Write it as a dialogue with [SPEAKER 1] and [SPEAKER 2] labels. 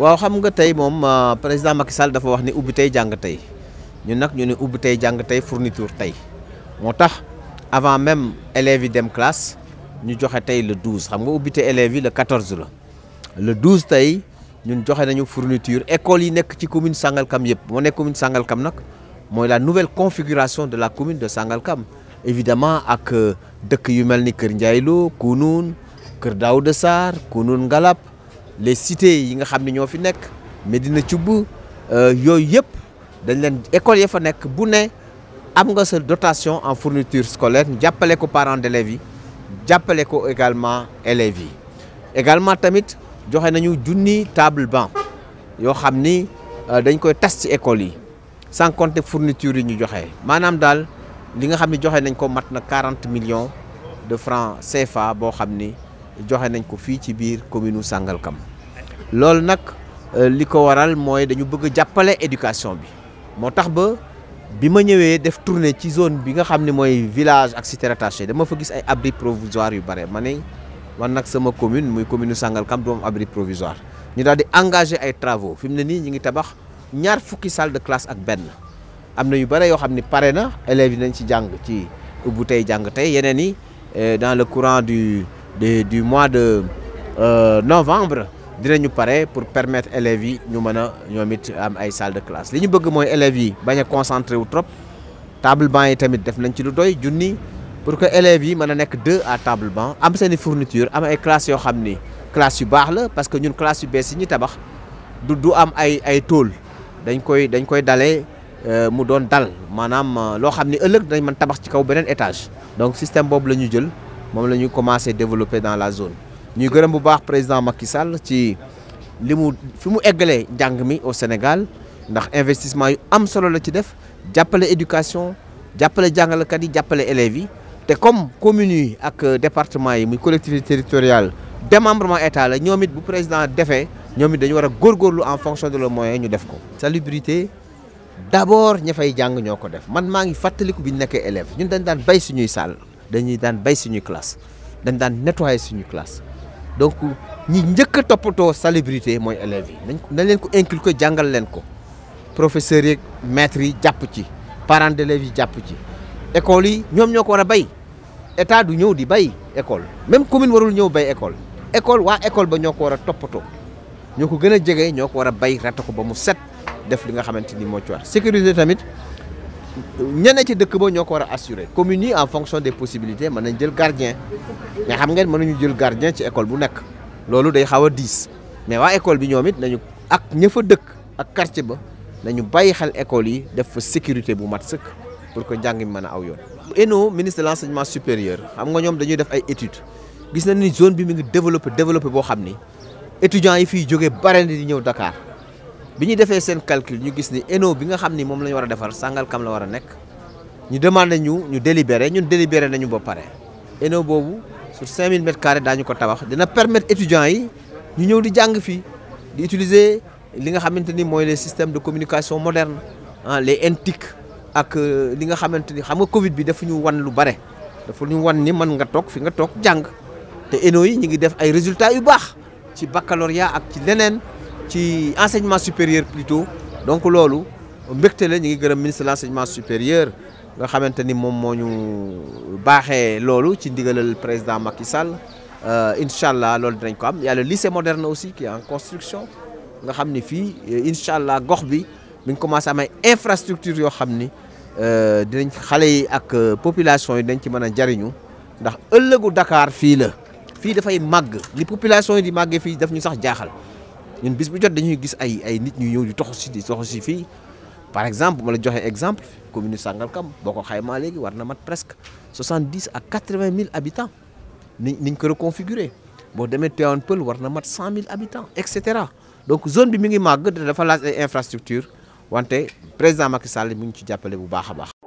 [SPEAKER 1] waaw xam nga euh, président Macky Sall dafa wax ni ubbi tey jàng tey ñun nag ñu ne avant même élèves yi dem classe nous joxe tey le 12 xam nga élèves le 14 le 12 nous ñun joxe nañu L'école est yi la ci commune Sangalkam La commune de Sangalkam est la nouvelle configuration de la commune de Sangalkam évidemment ak euh, des yu mel ni Kër Ndiaylo Kounoun Kër Kounoun Galap, les cités yi nga xamni ne ñoo fi nekk Médina Thioub euh, yooyu yëpp dañ leen école ya fa nekk bu ne am nga sa dotation en fourniture scolaire jàppale ko parents d'élèves yi jàppale ko également élèves yi également tamit joxé nañu jouni table banc yo xamni ni euh, dañ koy test ci école yi sans compter fourniture yi ñu joxé manam dal li nga xamni joxé nañ ko mat na 40 millions de francs CFA bo xamni joxé nañ ko fi ci biir commune Sangalkam lool nak euh, li waral moy dañu bëgg éducation bi motax ba Je ñëwé zone village ak dama fa gis abri provisoire yu ma commune muy commune Sangalkam abri provisoire ñu travaux ni, salle de classe ak ben. en yu bare yo élèves ci jang ci tay euh, dans le courant du du mois de euh, novembre nous paraît pour permettre élèves ñu mëna salle de classe liñu bëgg moy élèves yi concentré wu trop table banc yi tamit def nañ ci pour que élèves yi mëna deux à table banc am seen fourniture am ay classes classe yu bax parce que ñun classe yu bees yi tabax du du am ay ay tôle dañ koy dañ koy euh, mu doon dal euh, dañ tabax ci étage donc système bobu lañu jël moom la ñu commencé développer dans la zone ñuy gërëm bu baax président Macky Sall ci li mu fi mu au Sénégal ndax investissement yu am solo la ci def jàppale éducation jàppale jàngalekat yi jàppale élèves yi te comme communes yi ak euh, départements yi muy collectivité territoriale démembrement état la ñoom bu président defee ñoom it dañu war a góorgóorlu en fonction de leurs moyens ñu def ko salubrité d'abord ña fay jàng ñoo ko def man maa ngi fàttaliku bi ñu élèves. élève ñun dañ daan bay suñuy sàll dañuy daan bay suñu classe dañ daan nettoyer suñu classe donc ñi njëkk a toppatoo salubrité mooy élèves yi nañ nañ leen ko inculquer jàngal leen ko professeurs yeeg maîtres yi jàpp ci parents d'élèves yi jàpp ci écoles yi ñoom ñoo ko war a bay état du ñëw di bay école même commune warul ñëw bay école école waa école ba ñoo ko war a toppatoo ñoo ko gën a jege ñoo ko war a bay ratta ko ba mu set def li nga xamante ni moo ci war sécurité tamit ñeneen ci dëkk ba ñoo ko war a assurer commune yi en fonction des possibilités mën nañ jël gardien mais xam ngeen ñu jël gardien ci école bu nekk loolu day xaw a diis mais waa école bi ñoom it nañu ak ña fa dëkk ak quartier ba nañu bàyyi xel école yi def fa sécurité bu mat sëkk pour que njàng mi mën a aw yoon. ENO ministre de l' supérieur xam nga ñoom dañuy def ay études gis nañ ni zone bi mu ngi développé développé boo xam ni étudiants yi fiy jógee bare na di ñëw Dakar. biñu défé sen calcul ñu gis ni eno bi nga xamni ni moom wara défar sangal defar kam la wara nek ñu demandé ñu ñu délibéré ñun délibéré nañu ba paré eno bobu sur 5000 mètres carrés dañu ko tabax dina permettre étudiants yi ñu ñëw di jang fi di utiliser li nga xamanteni ni les systèmes de communication moderne ah les NTIC ak euh, li nga xamanteni ni xam nga Covid bi dafa ñu wan lu bare dafa ñu wan ni man nga tok fi nga tok jang té eno yi ñi ngi def ay résultats yu bax ci baccalauréat ak ci lenen ci enseignement supérieur plutôt donc lolu, mbégte la ñi gëreum gërëm ministre de l'enseignement supérieur nga xamanteni mom moom moo ñu baaxee loolu ci ndigalal président Macky Sall Euh inshallah lolu dinañ ko am y a le lycée moderne aussi qui est en construction nga xam fi inshallah gox bi mi ngi commencé am infrastructure yo xam euh dinañ xale yi ak euh, population yi dañ ci mëna a jariñu ndax ëllëgu Dakar fi la da fay màgg li population yi di màggee fi daf ñu sax jaaxal ñun bis bu jot dañuy gis ay ay nit ñu ñëw di toxu si di toxu fii par exemple ma la joxe exemple commune sangal kam boko xaymaa léegi war na mat presque 70 à 80 000 habitants ni niñ ko reconfigurer bo demee Tivaouane Peulh war na mat cent habitants et cetera donc zone bi mi ngi mag dafa laaj ay infrastructure wante président Macky Sall mi ngi ci jappalé bu baax baax.